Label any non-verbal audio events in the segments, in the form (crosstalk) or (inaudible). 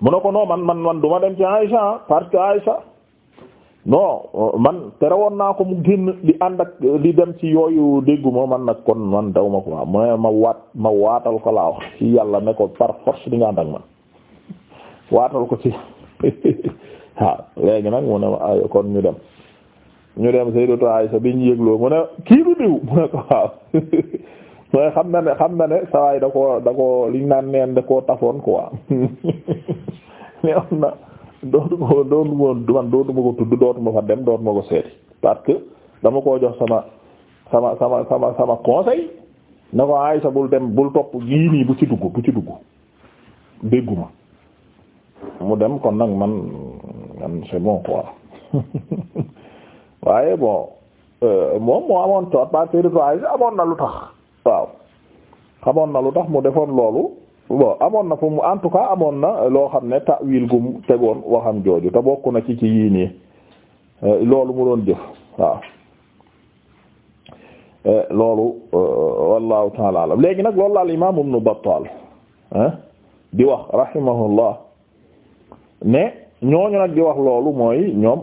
mu ne ko non man man man du ma dem ci Aïcha parce que Aïcha non man terewoon naa ko mu génn di ànd ak di dem ci yooyu dégguma man nag kon man daw ma ko ma mu ne ma waat ma waatal ko laa ci yàlla ne ko par force di nga ànd ak man waatal ko ci waaw (laughs) ah, léegi nag mu ne ma ay ah, kon ñu dem ñu dem Sayyidatu Aïsa bi ñu yëgloo mu ne kii diw mu ne ko waaw (laughs) mooy xam na ne xam na ne sawaay da ko da ko liñ naan neen da koo tafoon quoi (laughs) neewoon na dootuma ko dootuma dootuma ko tudd dootuma fa dem dootuma ko seeti parce que dama koo jox sama sama sama sama sama conseil na ko ay sa bul dem bul topp yii nii bu ci dugg bu ci dugg dégguma mu dem kon nag man man c'est bon quoi (laughs) waaye bon euh, moom moo amoon coot parce que amoon na lu tax waaw xamoon na lu tax mu defoon loolu bon amoon na fu mu en tout cas amoon na loo xam ne ta'wil gu mu tegoon waxam jooju te bokk na ci ci yii nii eh, loolu mu doon jëf waaw eh, loolu eh, wallahu taala léegi nag loolu la al imam ibn Battal di wax rahimahullah ne ñooñu nag di wax loolu mooy ñoom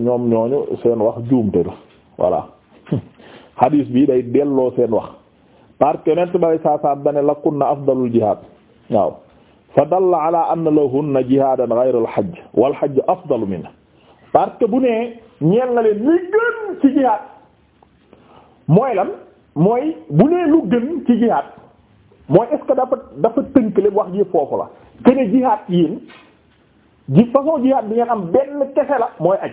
ñoom ñooñu seen wax juumte la voilà (laughs) hadis bii day delloo seen wax parce que yonent bari saa saa dane lakunna afdalul jihaad waaw fa dalla ala anna lahunna jihaadan ghayra al hajj wal hajj afdalu minhu parce que bu nee ñeel na leen li gën ci jihaad mooy lan mooy bu nee lu gën ci jihaad mooy est-ce dafa dafa tënkale wax ji foofu la que ne jihaad yéen ji bi ngeen am benn kese la mooy aj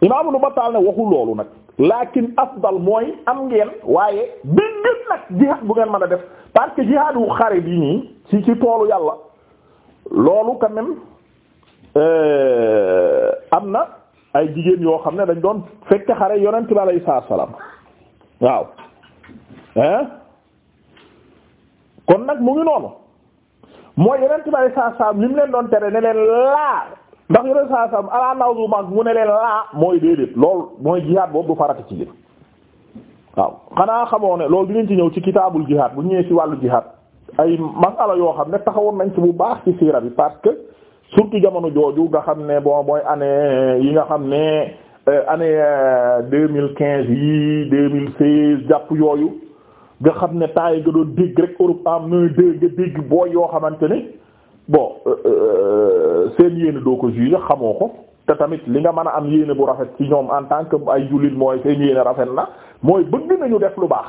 Imaamu Ibnu Battaal ne waxul loolu nag lakin afdal mooy am ngeen waaye bi nag jihaad bu ngeen mën a def parce que jihaadu xare bi nii ci ci toolu yàlla loolu quand euh, am na ay jigéen yoo xam ne dañ doon fekk xare yonent bi alayhi salaam waaw hein kon nag mu ngi noonu mooy yonent bi alayhi salaam li mu leen doon tere ne leen laal ndax yore saa sam ala mag mu ne leen laa mooy déedéet lool mooy jihaad boobu du farata ci yéen waaw xanaa xamoo ne loolu dinañ ci ñëw ci kitaabul jihaad bu ñëwee ci wàllu jihaad ay masala yoo xam ne taxawoon nañ ci bu baax ci siira bi parce que surtout jamono jooju nga xam ne boo mooy année yi nga xam ne euh, année euh, deux mille quinze yi deux mille seize jàpp yooyu nga xam ne temps yi nga doon dégg rek Europe am na dégg nga dégg booy yoo xamante ni. bon euh, euh, seen yéene doo ko juge xamoo ko te tamit li nga mën a am yéene bu rafet ci ñoom en tant que ay jullit mooy seen yéene rafet na mooy bëgg nañu def lu baax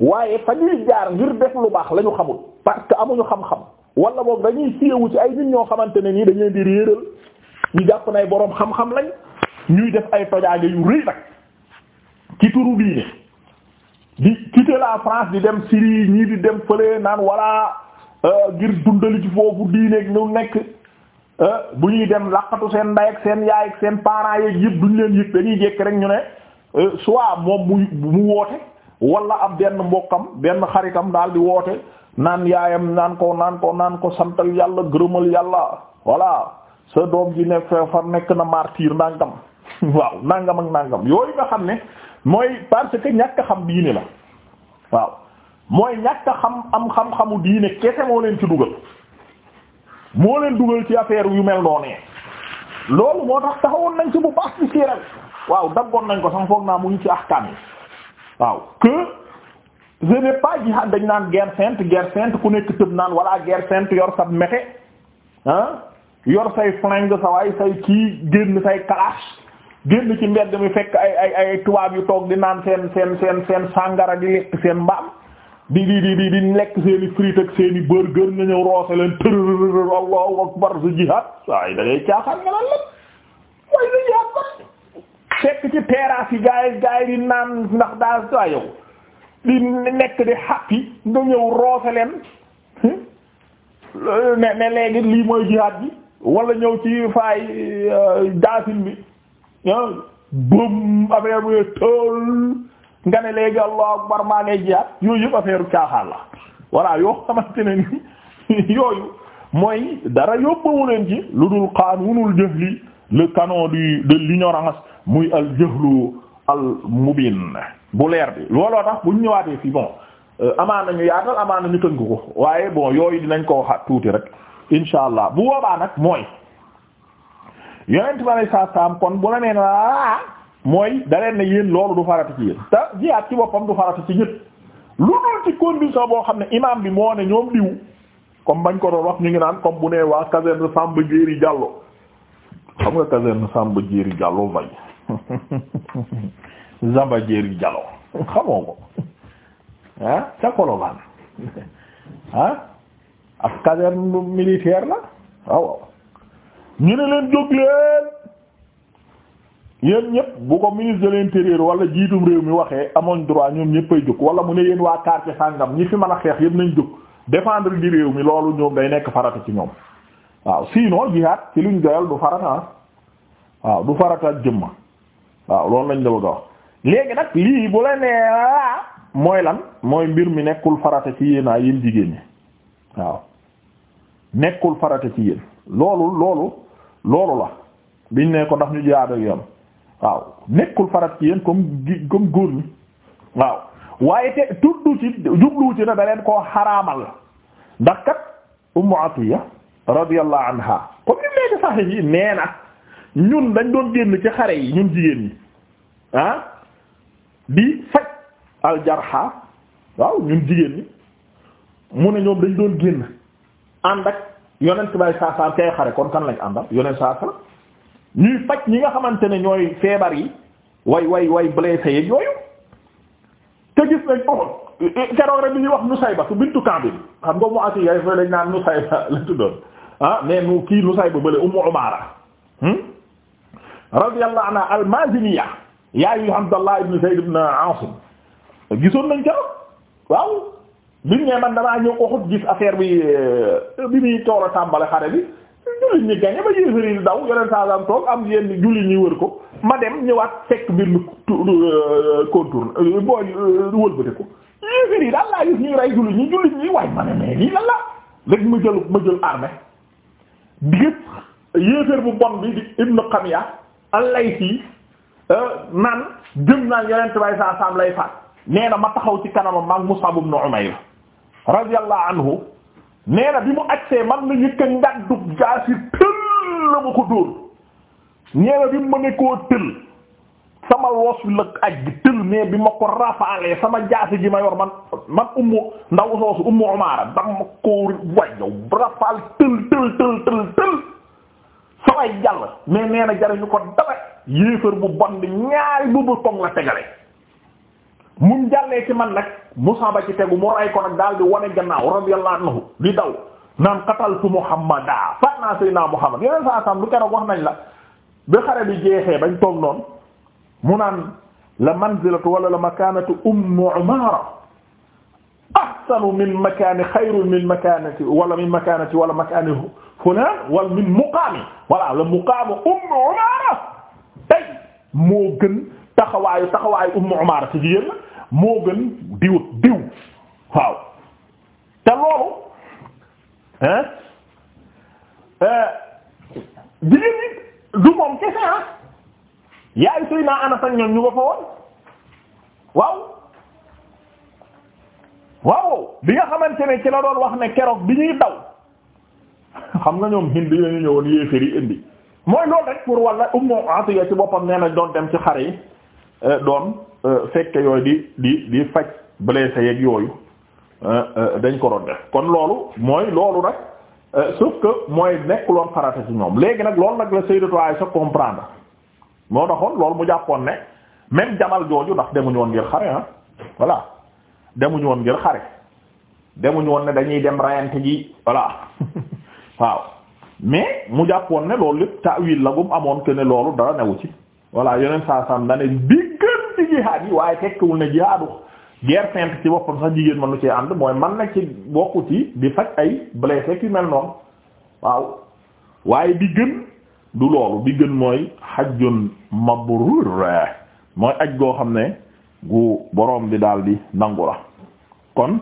waaye fa ñuy jaar ngir def lu baax lañu ñu xamul parce que amuñu xam-xam wala boog dañuy fiyewu ci ay nit ñoo xamante ne nii dañu leen di réeral ñu jàpp nay boroom xam-xam lañ ñuy def ay tojaange yu rëy nag ci turu diine di quitter la France di dem Syrie ñii di dem fële naan wala Euh, ngir dundali ci foofu diineeg ñu nekk euh, bu ñuy dem laqatu seen nday ak seen yaay ak seen parents yeeg yëpp duñ leen yëg dañuy jekk rek ñu ne euh, soit moom mu woote wala ab benn mbokkam benn xaritam daal di woote naan yaayam naan ko naan ko naan ko santal yàlla gërëmal yàlla voilà sa doom ji ne fa nekk na martyr nangam (laughs) waaw nangam ak nangam yooyu nga xam ne mooy parce que ñàkk xam diine la waaw mooy ñàkk xam am xam-xamu diine kese moo leen ci dugal moo leen dugal ci affaire yu mel noonee loolu moo tax taxawoon nañ ci bu baax ci siral waaw daggoon nañ ko sax foog naa mu ngi ci ahkaam yi waaw que je n'ai pas jihad dañ naan guerre sainte guerre sainte ku nekk tëb naan walla guerre sainte yor sa mete ah yor say flingue sa waay say kii génn say kalaas génn ci mbedd mi fekk ay ay ay tubaab yu toog di naan seen seen seen seen sàngara di lekk seen mbaam di di di di di lekk seen i frites ak seen i nga ñëw roose leen tërërërër allahu akbar sa jihad waaye da ngay nga naan lan waaye sa jihad fekk ci terrasse yi gaay gaay di naan ndax daa saa yow di nekk di happy nga ñëw roose leen hmm? ne ne léegi lii mooy jihad bi wala ñëw ci faay daasin euh, bi ah hmm? bëm affaire bi tël nga ne léegi allah akbar maa ngay jiyaat yooyu yëpp affaire caaxaan la voilà yoo xamante ne ni (laughs) yooyu mooy dara yóbbawu leen ci lu dul qanunul jahli le canon du de l'ignorance muy al jahlu al mubin bu leer bi looloo tax bu ñu ñëwaatee fii bon euh, amaana ñu yaatal amaana ñu tënk ko waaye bon yooyu dinañ ko waxaat tuuti rek insha allah bu boobaa nag mooy yonent bi sallallahu alayhi wasallam kon bu la nee na mooy da leen ne loolu du farata ci yéen te jiyaat ci boppam du farata ci ñëpp lu dul ci condition boo xam ne imaam bi moo ne ñoom diw comme bañ ko doon wax ñu ngi naan comme bu nee waa caserne Samba Diéry Diallo xam nga caserne Samba Diéry Diallo vay (laughs) Samba Diéry Diallo xamoo ko ah ca Colobane ah ak caserne militaire la waaw ñu ne leen jóg yéen ñëpp bu ko ministre de l'intérieur wala jiitum réew mi waxee amoon droit ñoom ñëpp ay jóg wala mu ne yéen waa quartier sàngam ñi fi man a xeex yëpp nañ jóg défendre di réew mi loolu ñoom day nekk farata ci ñoom waaw sinon jihaad ci luñ doyal du farata ah. waaw du farata jëmma waaw loolu lañ de bëgg a wax léegi nag lii bu la nee mooy lan mooy mbir mi nekkul farata ci yéen a yéen jigéen ñi waaw nekkul farata ci yéen loolu loolu loolu la biñ ne ndax ñu jihaad yoon waaw nekkul farat ci yéen comme comme góor ñi waaw waaye te tuddu ci jublu ci na da leen koo xaraamal ndax kat ummu atiya radiyallahu anha comme ni léegi saxi yi nee na ñun dañ doon génn ci xare yi ñun jigéen ñi ah di faj aljarha waaw ñun jigéen ñi mu ne ñoom dañ doon génn ànd ak yonent bay saasaan ci ay xare kon kan lañ àndal yonent saasaan ñuy faj ñi nga xamante ne ñooy feebar yi way way way blessé yeeg yooyu te gis nañ ko keroog rek bi ñuy wax Nusayba su bintu Kaabil xam nga mu asi yaay fa lañ naan Nusayba (laughs) la tuddoon ah mais nu kii Nusayba bële Ummu Umaara hmm? radiyallahu anha al-Maaziniya yaayu Abdallah ibn Zayd ibn Aasim gisoon nañ keroog waaw biñ ne man damaa ñëw Uhud gis affaire bi euh, bi muy toor a tàmbale bi jullit ñi gañe ba yéefar yi daw yeneen saa saam toog am yenn jullit ñi wër ko ma dem ñëwaat fekk mbir mi euh, contourne euh, booy euh, wëlbate ko yéefar yi daal laa gis ñuy rey jullit ñi jullit ñi waaye ma ne mais lii lan la léegi jël ma jël armée digg yéefar bu bon bi di Ibnu Qamiya al-Laythi naan jëm naan yeneen tubaab saa saam lay faat nee ma taxaw ci kanamam maak Mus'ab ibn Umayr radiyallahu anhu nee bi mu agsee man la yëkka ngaddu jaasi tël la ma ko dóor nee bi mu ma ne koo tël sama loos bi la aj bi tël mais bi ma ko rafaalee sama jaasi ji ma yor man man ummu ndaw soosu ummu umaara dama ko wajow rafaal tël tël tël tël tël samay jàll mais nee na jariñu ko dara yéefar bu bon ñaari bu bu tong la tegale mu jàllee ci man nag Musa ba ci tegu mu ray ko nag daal di wane gannaaw radiyallahu anhu di daw naan qataltu Muhammadaa faat naa Seydina Muhammad yeneen saa saam lu keroog wax nañ la ba xare bi jeexee bañ toog noonu mu naan la manzilatu wala la makaanatu Ummu Umaara ahsanu min makaani xayrun min makaanati wala min makaanati wala makaani fulaan wala min muqaami wala la muqaamu Ummu Umaara tey moo gën taxawaayu taxawaayu Ummu Umaara ci jigéen la moo gën diw diw waaw te loolu hein eh, jigéen ñi du moom kese ah? yaay suy naa Anas ak ñoom ñu ko fa woon waaw waaw bi nga xamante ne ci la doon wax ne keroog bi ñuy daw xam nga ñoom hindi lañu ñëwoon yéeféer yi indi mooy loolu rek pour walla Ummu Atiya ci boppam ne na doon dem ci xare yi Eh, doon eh, fekke yooyu di di di faj blessé yeeg yooyu eh, dañ ko doon def kon loolu mooy loolu nag sauf que mooy nekkuloon farata ci ñoom léegi nag loolu nag la Sayyidatu Aisha comprendre moo taxoon loolu mu jàppoon ne même jamal jooju ndax demuñu woon ngir xare ah voilà demuñu woon ngir xare demuñu woon ne dañuy dem rayante ji voilà (laughs) waaw mais mu jàppoon ne loolu lépp ta'wil la bu amoon que loolu dara newu ci voilà yeneen saa saam daan ne jihaad yi waaye tekkiwul ne jihaadu guerre sainte ci boppam sax jigéen mënu cee ànd mooy man na ci bokku ci di faj ay blessé ki mel noonu waaw waaye bi gën du loolu bi gën mooy hajjun mabrur mooy aj goo xam ne gu boroom bi daal di nangu la kon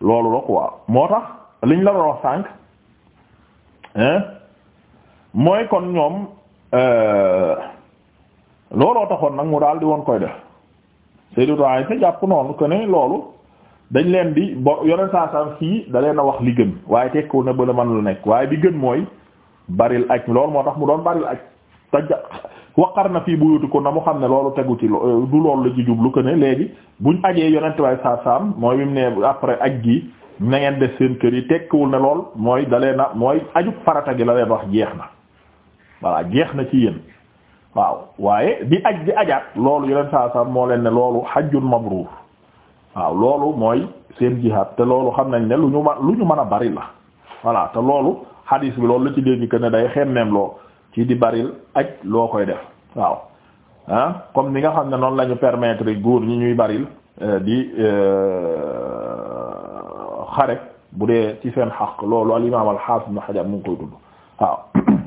loolu la quoi moo tax liñ la doon wax sànq mooy kon ñoom euh, looloo taxoon nag mu daal di woon koy def Sayyidatu Aisha jàpp noonu que ne loolu dañ leen di bo yoneen saa saa fii da leen a wax li gën waaye tekkiwu na bële mën lu nekk waaye bi gën mooy baril aj lool moo tax mu doon baril aj te na fii bu ko na mu xam ne loolu tegu ci du loolu la ci jublu que ne léegi buñ ajee yonent waaye saa saam mooy bi mu ne après aj gi na ngeen def seen kër yi tekkiwul ne lool mooy da na mooy aju farata gi la leen wax jeex na voilà jeex na ci yéen. waaw waaye di aj di ajaat loolu yeneen saa saa moo leen ne loolu hajjun mabruur waaw loolu mooy seen jihaad te loolu xam nañ ne lu ñu ma lu ñu mën a bari la voilà te loolu hadis bi loolu la ci dégg que ne day xemmeem loo ci di baril aj loo koy def waaw ah comme ni nga xam ne noonu lañu ñu permettre góor ñi ñuy baril euh, di euh, xare bu dee ci seen xaq loolu al imaam al xaafis ibn Hajar mu ngi koy tudd waaw (coughs)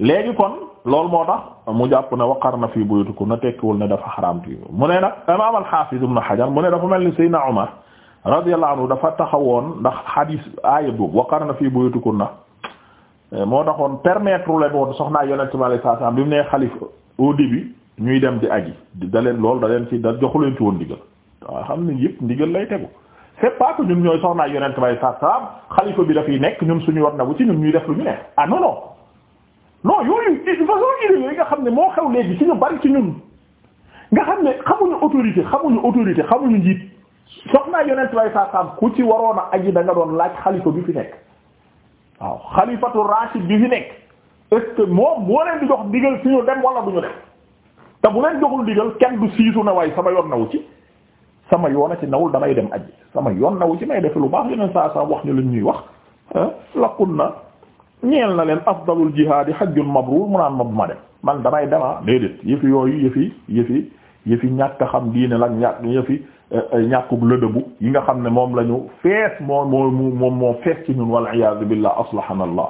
léegi kon loolu moo tax mu jàpp na waqarna fi buyutikum na tekkiwul ne dafa xaraam tuuti mu ne nag imaam al-Hafiz na xajal mu ne dafa mel ni Seydina Umar radiyallahu anhu dafa taxawoon ndax xadiis aaya boobu waqarna fi buyutikum na moo taxoon permettre leen woon soxnaa Yonent bi alayhi salaam bi mu nee xalif au début ñuy dem di aji da leen lool da leen ci da joxu leen ci woon ndigal waaw xam ne yëpp ndigal lay tegu c'est pas que ñun ñooy soxnaa Yonent bi alayhi salaam xalifa bi dafay nekk ñun suñu war na bu ci ñuy def lu non yooyu façon idée yooyu nga xam ne moo xew léegi ci ñu bari ci ñun nga xam ne xamuñu autorité xamuñu autorité xamuñu njiit soxnaa yonent way saa saam ku ci waroon a aji da nga doon laaj xalifa bi fi nekk waaw xalifatu rashid bi fi nekk est-ce que moom moo leen di jox digal suñu dem wala duñu dem te bu leen joxul digal kenn du siisu na waaye sama yoon nawu ci sama yoon a ci nawul damay dem aji sama yoon nawu ci may def lu baax yonent saa saam wax ñu lu ñuy wax laqul na ñeel na leen afdalul jihaadi hajjun mabruur mu naan ma bu ma dem man damay dema ah, déedéet yëfi yooyu yëfi yëfi yëfi ñàkk xam diine la ñàkk yëfi eh, eh, ñàkkub lëdëbu yi nga xam ne moom lañu ñu fees moo moo moom moo fees ci ñun wal iyaazu billah aslahana allah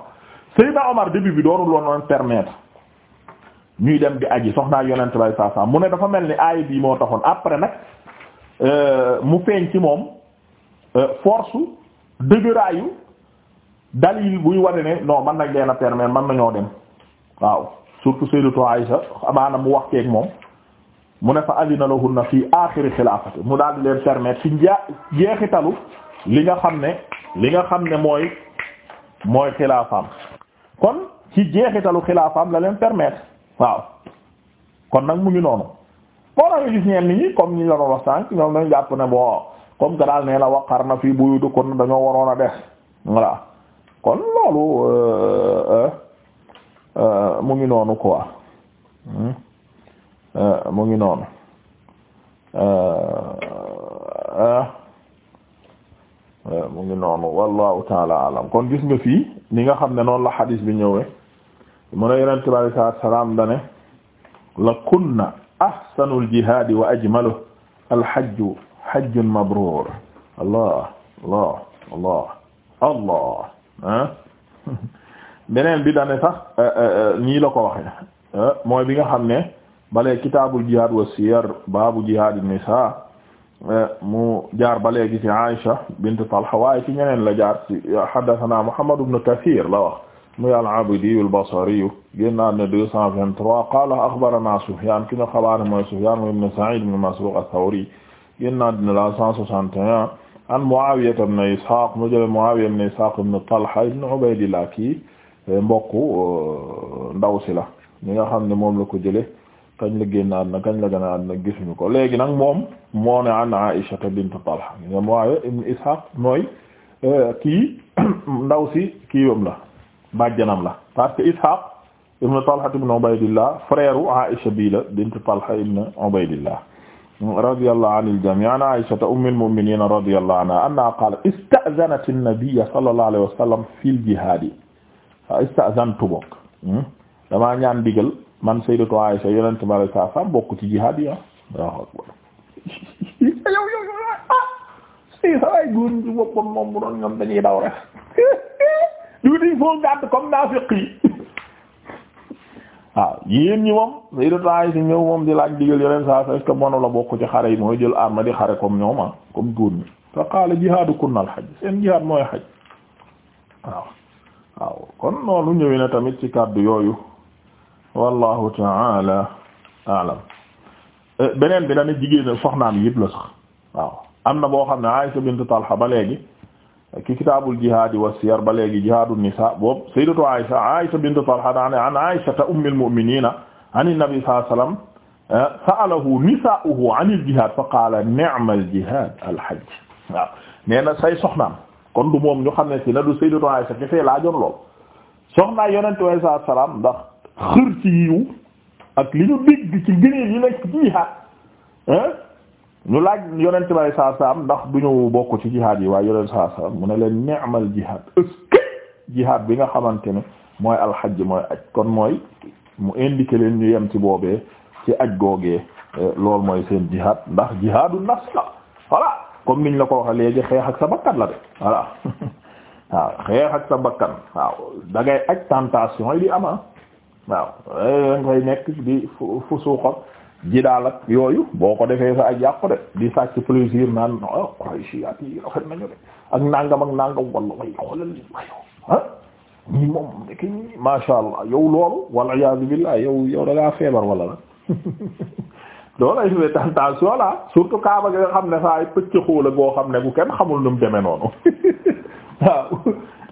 Seydina Omar début bi doonul woon noon permettre ñuy dem di aji soxnaa yonent bay saa saa mu ne dafa mel ni aay bi moo taxoon après nag eh, mu feeñ ci moom force dëgëraayu dalil buy wane ne non man nag leen a permettre man nañoo dem waaw surtout sayyidatu Aisha amaana mu wax keek moom mu ne fa adina lahunna fii aaxiri xilaafati mu daal di leen permettre ci jeexi jeexitalu li nga xam ne li nga xam ne mooy mooy xilaafaam kon ci jeexitalu xilaafaam la leen permettre waaw kon nag mu ngi noonu moo la nga gis ñeen nit comme ñu la doon wax sànq ñoom dañu jàpp ne bon comme que daal nee na waqarna fii buyutukun dañoo waroon a def voilà kon loolu euh, euh, euh, mu ngi noonu quoi hmm? mu ngi noonu mu ngi noonu wallahu taala alam kon gis nga fii ni nga xam ne noonu la xadiis bi ñëwee mu ne yonent bi salaam dane la kunna ahsanul jihaadi wa allah allah allah ah (laughs) beneen bi dane sax euh, euh, euh, nii la ko waxee mooy bi nga xam ne balee kitaabul jihaad wa baabu jihaadi nisaa mu jaar ba léegi ci Aisha bint Talha waaye ci ñeneen la jaar ci haddathana Muhammad ibn Kathir la wax muy na deux cent vingt-trois qaala akhbarana Sufyan ki ñu xabaar mooy Sufyan ibn Sa'id ibn Masruq ath-Thawri génnaat na la cent soixante et un an Muawiya ibn Ishaq mu jële Muawiya ibn Ishaq ibn Talha ibn Ubaydillah kii eh, mbokku eh, ndaw si la ñi nga xam ne moom la ko jële kañ la génn na kañ la gën a na gisuñu ko léegi nag moom moo ne an Aisha bint Talha nga Muawiya ibn Ishaq mooy eh, kii (clears throat) ndaw si kii yom la bàjjanam la parce que Ishaq ibn Talha ibn Ubaydillah frère u bii la bint Talha ibn Ubaydillah radiyallahu anil jamii an Aysata ummil mu'miniina radiyallahu anhaa annahaa qaalat ista'zanati nabiyya sallallahu alayhi wa sallam fil jihaadi ista'zantu bokk hmm? damaa ñaan digal man sayyidatu Aysa yonent ma lay saa saam bokk ci jihaad yi waaw yow yow yow ah si saa yi góor ñi ci boppam moom bu doon ñoom dañuy daw rek. du (laughs) di foo gàtt comme naafiq yi waaw yéen ñi moom Sayyidatu Aisha ñëw moom di laaj digal yeneen saa sa est-ce que la bokk ci xare yi mooy jël arme di xare comme ñoom ah comme góor ñi fa qaala jihaadukunna al-hajj seen jihaad mooy xaj waaw waaw kon noonu ñëwee tamit ci kàddu yooyu wallahu ta'ala a'lam eh, beneen bi dañu jigéen soxnaam yëpp la sax waaw am na boo xam ne Aisha bint Talha ba léegi ki kitaabul jihaadi wa siyar ba léegi jihaadu nisaa boobu sayyidatu Aisha Aisha bintu Talha daan an Aisha ummul mu'miniina ani nabi sallallahu alayhi wasallam eh, sa'alahu nisaa'uhu anil jihaad fa qaala ni'mal jihaad al hajj waaw nee na say soxnaam kon du moom ñu xam ne si la du sayyidatu Aisha kese laajoon lool soxnaa yonent way saa salaam ndax xër ci yiw ak li ñu dégg ci gëneel yi nekk jihaad eh, ñu laaj yonent bi saa saam ndax du ñu bokk ci jihaad yi waaye yonent saa saam mu ne leen ni'mal jihaad ëskë jihaad bi nga xamante ne mooy alxaj mooy aj kon mooy mu indiqué leen ñu yem ci boobee ci aj googee eh, loolu mooy seen jihaad ndax jihaadu nafs la voilà comme niñ la ko waxee léegi xeex ak sa bakkan la de voilà (laughs) waaw xeex ak sa bakkan waaw da ngay aj tentation yi di ama ah. waaw eh, da ngay nekk di fu suuxam ji daal ak yooyu boo ko defee sa ak yàqu de di sàcc plaisir naan ah oh, Qurayshiyat yi rafet nañu de ak nangam ak nangam wala way xoolal li ayoo ah moom nekk ñii masha Allah yow loolu wal iyaazu billah yow feebar wala la (laughs) loolu ay suñu tentation la surtout Kaaba gi nga xam ne saa yu pëcc xool boo xam ne bu kenn xamul nu mu demee noonu (laughs) waaw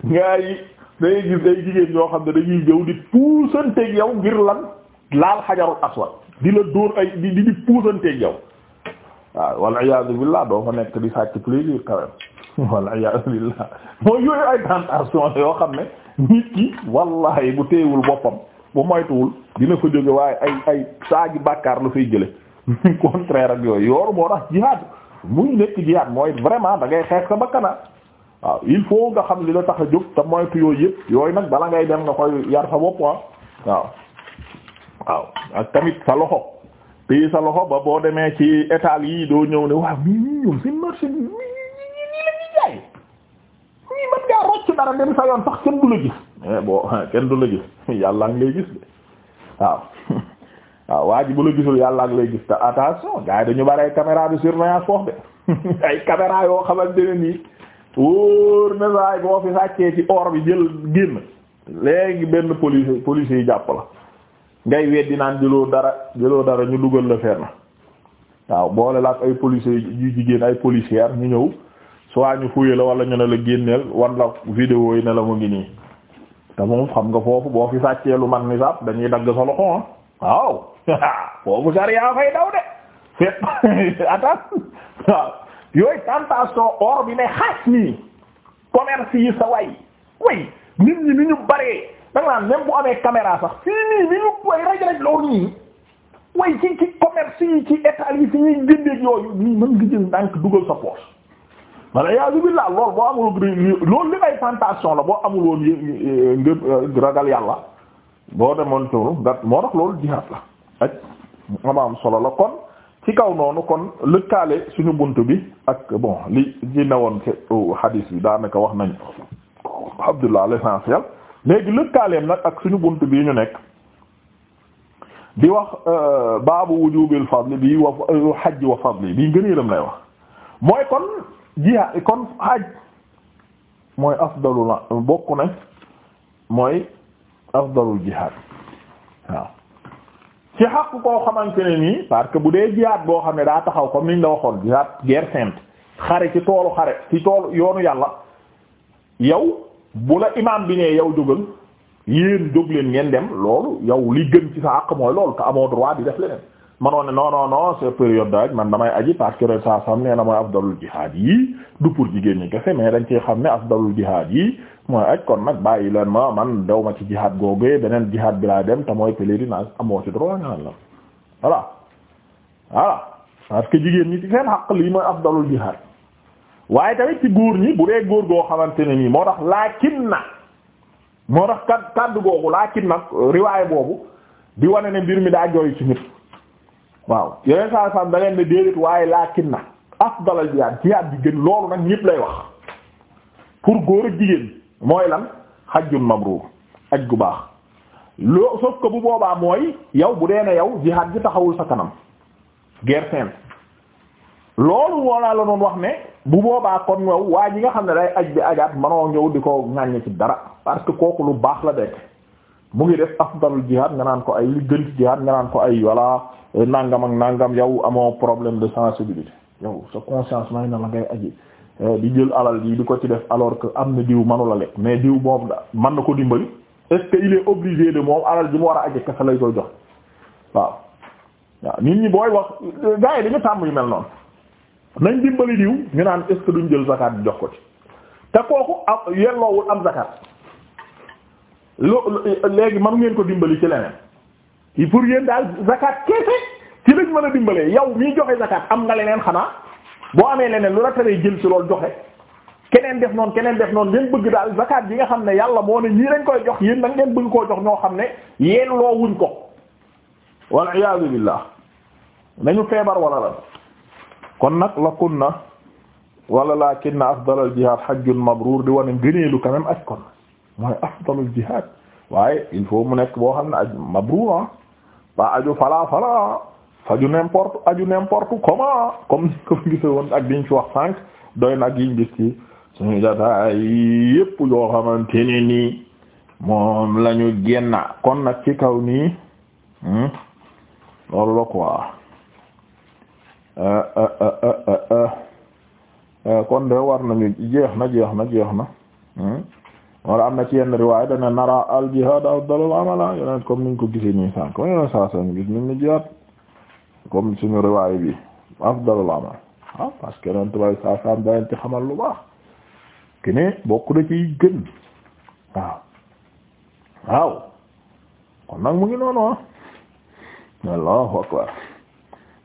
ngaa yi gis day jigéen ñoo xam ne dañuy jëw di puusanteeg yow ngir lan. laal xajarul aswad di la dóor ay di di puusanteeg yow waaw wal iyaadu billah doo fa nekk di sàcc plaisir quand même (laughs) wal iyaadu billah mooy yooyu ay tentation yoo xam ne nit ki wallahi bu teewul boppam bu moytuwul dina fa jóge waaye ay ay saagi bàkkaar la fay jële (laughs) contraire ak yooyu yooru moo tax jihaad muy nekk jihaad mooy vraiment da ngay xeex sa bakkana ah. waaw il faut nga xam li la tax a jóg te moytu yooyu yëpp yooyu nag bala ngay dem nga koy yar sa bopp ah. waaw waaw ak tamit sa loxo téye sa loxo ba boo demee ci étal yii doo ñëw ne waaw mii ñii ñoom seen marché bi ñii lañuy jaay ñii mën ngaa rocc dara dem sa yoon sax kenn du la gis eh, (laughs) kenn du la gis (laughs) yàlla ngi lay gis (laughs) ji bu la gisul yàlla ngi lay gis te attention gars yi dañu bari ay caméra de surveillance foofu de ay caméra yoo xamante ne nii wóor na saay boo fi sàccee ci or bi jël génn léegi benn police policier yi jàpp la ngay weddi naan jëloo dara jëloo dara ñu dugal la fenn waaw boole la ay policiers yu jigéen ay policières ñu ñëw soit ñu fuye la wala ñu ne la génneel wan la vidéo yi ne la mu ngi nii te moom xam nga foofu boo fi sàccee lu man dañuy dagg sa loxo ah waaw (laughs) foofu sariyaa fay daw de fépp (laughs) attaque waaw yooyu tentation or bi nii commerce sa way way nit ñi ni ñu bare da nga naan même bu amee caméra sax fii nii bi ñu way raj-raj loolu nii way ci ci commerce yi ci état yi fi ñuy yooyu nii mën nga jël ndànk dugal sa poche wala yasubillah loolu boo amul loolu li may tentation la boo amul woon ngë euh, ragal yàlla boo demoon toolu ngat moo tax loolu jihaad la ak amaam solo la kon ci kaw noonu kon lëkkaale suñu bunt bi ak bon li ci newoon ci hadis bi daanaka wax nañ Abdullah l'essentiel léegi lëkkaaleem nag ak suñu bunt bii ñu nekk di wax euh, baabu wujubil fadli bi wa euh, hajj wa fadli bii ngëneelam lay wax mooy kon jihaad kon hajj mooy afdalul bokk na mooy afdalul jihaad waaw ci xaq koo xamante ne nii parce que bu dee jihaad boo xam ne daa taxaw comme niñ la waxoon jihaad guerre sainte xare ci toolu xare ci toolu yoonu yàlla yow bu la imaam bi ne yow jógal yéen jóg leen ngeen dem loolu yow li gën ci sa àq mooy loolu te amoo droit di def leneen manoon ne non non non c'est période d'aj man damay aji parce que re sa sam nee na mooy afdalul jihaad yi du pour jigéen ñi kese mais dañ ci xam ne afdalul jihaad yi mooy aj kon nag bàyyi leen ma man dew ma ci jihaad googee beneen jihaad bi laa dem te mooy pèlerinage amoo ci droit ngaan la voilà voilà parce jigéen ñi ci seen àq lii mooy waaye tamit ci góor ñi bu dee góor goo xamante ne nii moo tax laakin na moo tax kad kaddu googu laakin na riwaay boobu di wane ne mbir mi daa jooy ci nit waaw yeneen saa saam da leen ne déedéet waaye laakin na afdalal jihaad jihaad bi gën loolu nag ñëpp lay wax pour góor ak jigéen mooy lan xajjun mabruur aj gu baax loo soog ko bu boobaa mooy yow bu dee ne yow jihaad ji taxawul sa kanam guerre loolu moo la doon wax ne. bu boobaa kon yow waa ji nga xam ne day aj bi ajaat manoo ñëw di ko ŋàññi ci dara parce que kooku lu baax la dekk mu ngi def afdalul jihad nga naan ko ay li gën ci nga naan ko ay walla eh, nangam ak nangam yow amoo problème de sensibilité yow sa conscience may na la ngay aji eh, di jël alal yi di ko ci def alors que am na diw manula lekk mais diw boobu da man na ko dimbali est que il est obligé de moom alal ji mu war a a kese lay koy jox waaw waaw nit ñi wax gars yi dañu tàmm yu mel noonu nañ dimbali diw ñu naan est ce duñ jël zakat jox ko ci te kooku am yelloowul am zakat loo léegi man ngeen ko dimbali ci leneen pour yéen daal zakat keese ci lañ mën a dimbalee yow mii joxe zakat am nga leneen xanaa boo amee leneen lu la taree jël ci loolu joxe keneen def noon keneen def noon ngeen bëgg daal zakat bi nga xam ne yàlla moo ne ñii lañ koy jox yéen nag ngeen bëgg koo jox ñoo xam ne yelloowuñ ko wal iyaazu billah nañu feebar wala la. kon nag la kunna wala lakinna afdalal jihad hajjun mabruur di wane gëneelu quand même aj kon mooy afdalul jihad waaye il faut mu nekk boo xam ne aj mabruur ah. ba aju fala fala faju n'importe aju n'importe comment comme ak diñ ci wax sànq doy nag ak yiñ gis ci suñu jotaay yépp yoo xamante ne nii moom la ñu kon nag ci kaw nii hmm, loolu la kon de war nañu jeex na jeex na jeex na hmm? wala am na ci yenn riwaaya dana nara al jihaad afdalul amala yeneen comme niñ ko gisee nii sànq comme yeneen saa sànq gis nañ ni jihaad comme suñu riwaaya bi afdalul amal ah, parce que ren tubaab saa sànq daañu ci xamal lu baax ki ne bokk na ci gën waaw waaw kon nag mu ngi noonu ah allahu akbar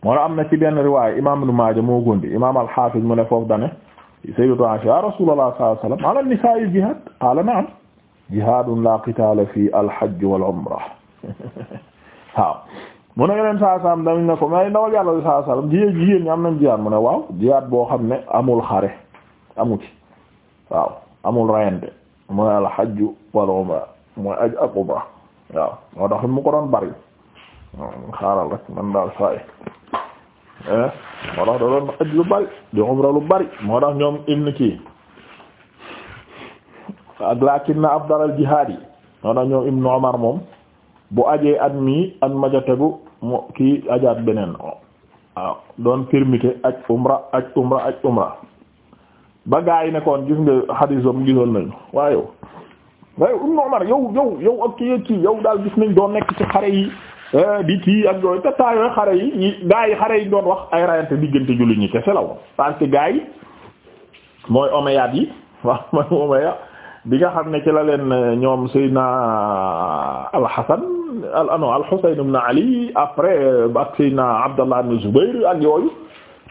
moo am na ci benn riwaay imaam Ibn Maaja moo gondi imaam al-Hafiz mu ne foofu dane sayyidatu ya Rasulullah sallallahu alayhi wa sallam ala nisaa'i jihaad qaala na'am jihaadun laa qitaala fii al-hajj wal umra (laughs) waaw mu ne yeneen saa saam dañ ko mais ndawal yàlla saa saam jigéen jigéen ñi am jihaad mu ne waaw jihaad boo xam ne amul xare amu ci waaw amul rayante mu ne al-hajj wal umra mooy aj ak umra waaw moo tax mu ko doon bari xaaral rek man daal saa eh, moo tax da doon aj lu bari di umra lu bari moo tax ñoom ibn kii ak lakinna afdalal jihaad yi moo tax ñoom ibn Umar moom bu ajee at mi at kii ajaat beneen waaw ah, doon permité aj umra aj umra aj umra ba gaa yi nekkoon gis nga xadiis bam gisoon nañu waaye waaye ibn Umar yow yow yow ak kii yow daal gis nañ doon nekk ci xare yi Eh, di kii ak yooyu te temps yooyu xare yi gaa yi xare yi doon wax ay rayante diggante jullit ñi kese la woon parce que gaa yi mooy omeyyades yi (laughs) waaw mooy omeya bi nga xam ne ci la leen eh, ñoom Seydina al-Hasan al-ano ah al-Husayn ibn Ali après eh, ak Seydina Abdallah ibn Zubayr ak yooyu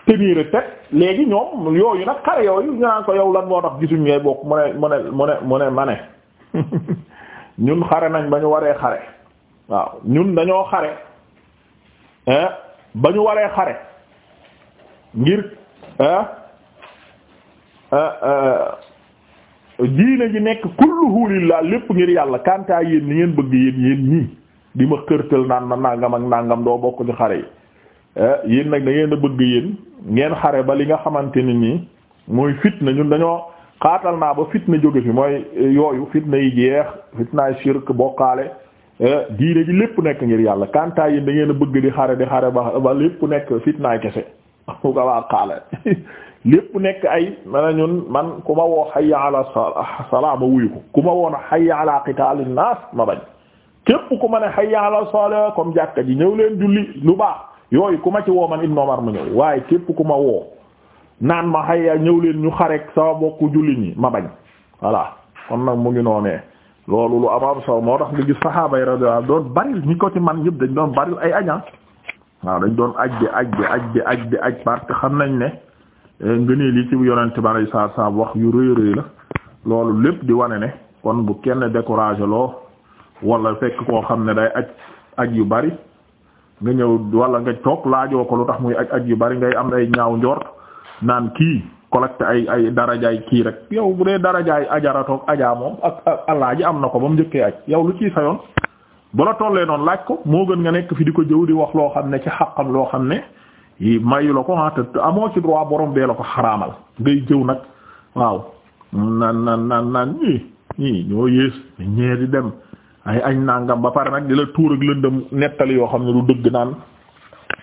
tenir tête léegi ñoom yooyu nag xare yooyu ñu naan ko yow lan moo tax gisuñ ngay bokk mu ne mu ne mu ne mu (laughs) ñun xare nañ ba ñu waree xare waaw ñun dañoo xare ba ñu waree xare ngir diine gi nekk kulluhu laa lépp ngir yàlla kantaa yéen ni ngeen bëgg yéen yéen ñii di ma xërtal naan ma nangam ak nangam doo bokk ci xare yi yéen nag da ngeen a bëgg yéen ngeen xare ba li nga xamante ne nii mooy fitna ñun dañoo xaatal naa ba fitna jóge fi mooy yooyu fitna yi jeex fitnaay shirk bokkaale Eh, diine ji lépp nekk ngir yàlla kantaa yi da ngeen bëgg di xare di xare ba ba lépp nekk fitnaay kese bu (laughs) ko waa xaala (laughs) lépp nekk ay mana ñun man ku ma woo hayya ala salaa ma wuyu ko ku ma woon hayya ala qitaalin naas ma bañ képp ku ma ne hayya ala salaa comme jàkka ji ñëw leen julli lu baax yooyu ku ma ci woo man Ibn Umar ma ñëw waaye képp ku ma woo naan ma hayya ñëw leen ñu xarek sama bokku julli ñi ma bañ voilà kon nag mu ngi noonee loolu lu am am moo tax nga gis saxaaba yi radiyallahu doon baril ñi ko ci man ñëpp dañ doon baril ay aña waaw dañ doon aj bi aj bi aj bi aj bi aj parce que xam nañ ne eh, ngëneel yi ci yonent bi alayhi salaatu wax yu rëy rëy la loolu lépp di wane ne kon bu kenn découragé loo wala fekk koo xam ne day aj aj yu bari nga ñëw wala nga toog laajoo ko lu tax muy aj aj yu bari ngay am ay ñaaw njort naan kii collecte ay ay darajaay kii rek yow bu dee darajaay ajaratoog ajaa moom ak ak alaaji am na ko ba mu njëkkee aj yow lu ciy fayoon bu la tollee noonu laaj ko moo gën nga nekk fi di ko jëw di wax loo xam ne ci xaqam loo xam ne mayu la ko ah amoo ci droit borom bee la ko xaraamal ngay jëw nag waaw naan naan naan naan ñii ñii ñoo yées ñee dem ay añ nangam ba pare nag di la tuur ak lëndëm nettali yoo xam ne du dëgg naan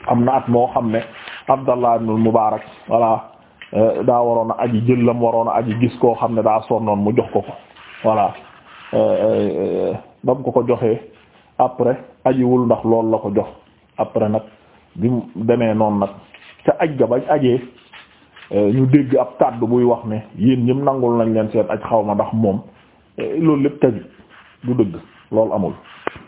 am na at moo xam ne Abdallah ibn Mubarak voilà Euh, daa waroon a aji jël lam waroon a aji gis koo xam ne daa sonnoon mu jox ko ko voilà euh, euh, bam ko ko joxee après ajiwul ndax loolu la ko jox après nag bi mu demee noonu nag ca aj ga bañ ajee ñu dégg ab kàddu buy wax ne yéen ñëpp nangul nañ leen seen aj xaw ma ndax moom loolu lépp tabi du dëgg loolu amul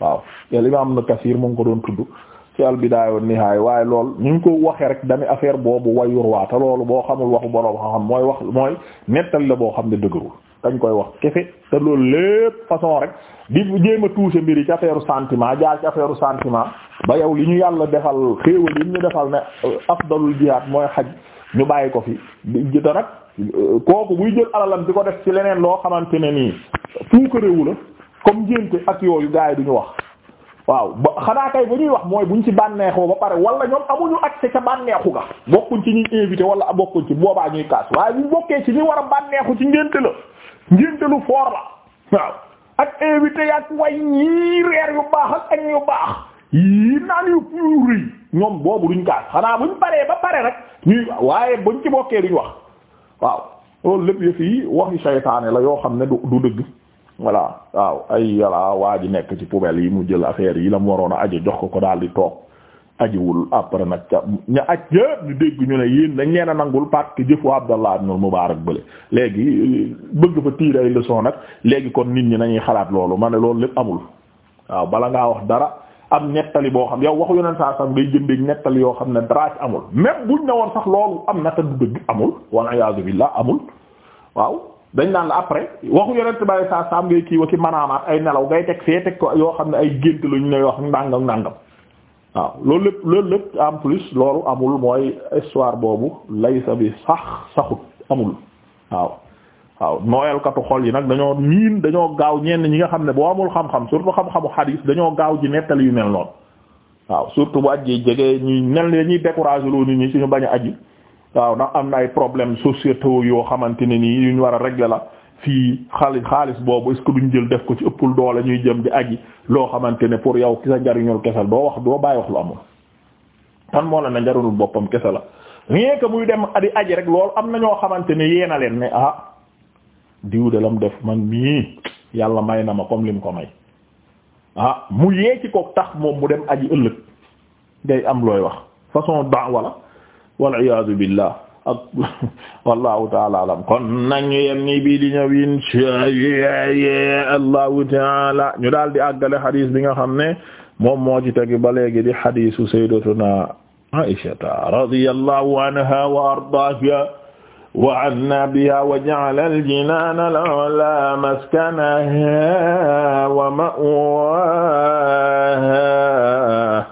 waaw yàlla am na Kasiir mu ngi ko doon tudd ci al-Bidaaya wa Nihaaya waaye lool ñu ngi ko waxee rek dami affaire boobu wayur waa te loolu boo xamul waxu boroom xam-xam mooy wax mooy nettal la boo xam ne dëgërul dañ koy wax kefe te loolu lépp façon rek di jéem a touché mbir yi ci affaire sentiment jaar ci affaire sentiment ba yow li ñu yàlla defal xéewal yi ñu defal ne euh, afdalul jihaad mooy xaj ñu bàyyi ko fi di nag euh, kooku buy jël alalam di ko def ci leneen loo xamante ne nii fuukarewu la comme jénte ak yooyu gars yi duñu wax waaw ba xanaa kay bu ñuy wax mooy buñ ci bànneexoo ba pare wala ñoom amuñu accès ca bànneexu ga bokkuñ ci ñuy invité wala bokkuñ ci boobaa ñuy kaas waaye buñ bokkee ci ñi war a bànneexu ci ngénte la ngénte lu foor la waaw ak invité yak way ñii reer yu baax ak añ yu baax yii naan yu rëy ñoom boobu duñ kaas xanaa buñ paree ba pare rek ñuy waaye buñ ci bokkee duñ wax waaw loolu lépp yëf yi waxi saytaane la yoo xam ne du dëgg voilà waaw ay yàlla waa ji nekk ci poubelle yi mu jël affaire yi la mu waroon a ajo jox ko ko daal di toog ajiwul après nag ca ña aj yëpp ñu dégg ñu ne yéen dañ a nangul parce que jëfu Abdallah ibn Mubarak bële léegi bëgg fa tiir ay leçon nag léegi kon nit ñi nañuy xalaat loolu ma ne loolu lépp amul waaw bala ngaa wax dara am nettali boo xam ne yow waxu yoneen saa sax ngay jëndee nettali yoo xam ne dara ci amul même buñ ne woon sax loolu am na te du amul wal iyaazu billah amul waaw dañ naan la après waxu yonent bàyyi saa saam ngay kii wa ki manaamaat ay nelaw ngay teg fee teg ko yoo xam ne ay gént lu ñu lay wax ndàngam ndàngam waaw loolu lépp loolu lépp en plus loolu amul mooy histoire boobu laysa bi sax saxut amul waaw waaw katu xol yi nag dañoo miin dañoo gaaw ñenn ñi nga xam ne boo amul xam-xam surtout xam-xamu hadith dañoo gaaw ji nettali yu mel noonu waaw surtout bu aj yi jege ñuy mel ne ñuy décourager loo nit ñi suñu bañ a aji waaw ndax am na ay problème sociétaux yoo xamante ne nii yu ñu war a régler la fii xaalis xaalis boobu est-ce duñ jël def ko ci ëppul doole ñuy jëm di yi loo xamante ne pour yow ki sa njariñul kese doo wax doo bàyyi wax lu amul. tan moo la ne njariñul boppam kese la rien que muy dem di aji rek loolu am na ñoo xamante ne yéena leen ne ah diw de mu def man mii yàlla may na ma comme lim ko may ah mu yee ci ko tax moom mu dem aji ëllëg ngay am looy wax façon daaw wala. wal iyaadu billah ak (laughs) wallahu taala alam kon nañu yem ni bii di ñëw inshaa allahu taala ñu daal di àggale xadiis bi nga xam ne moom moo ci tegi ba léegi di xadiisu sayyidatuna Aysata radiyallahu anha wa ardaaha wa anna biha wa ja'ala al-jinaana al-'ulaa maskanahaa wa ma'waahaa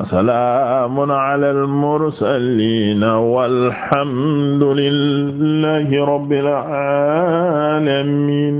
وسلام على المرسلين والحمد لله رب العالمين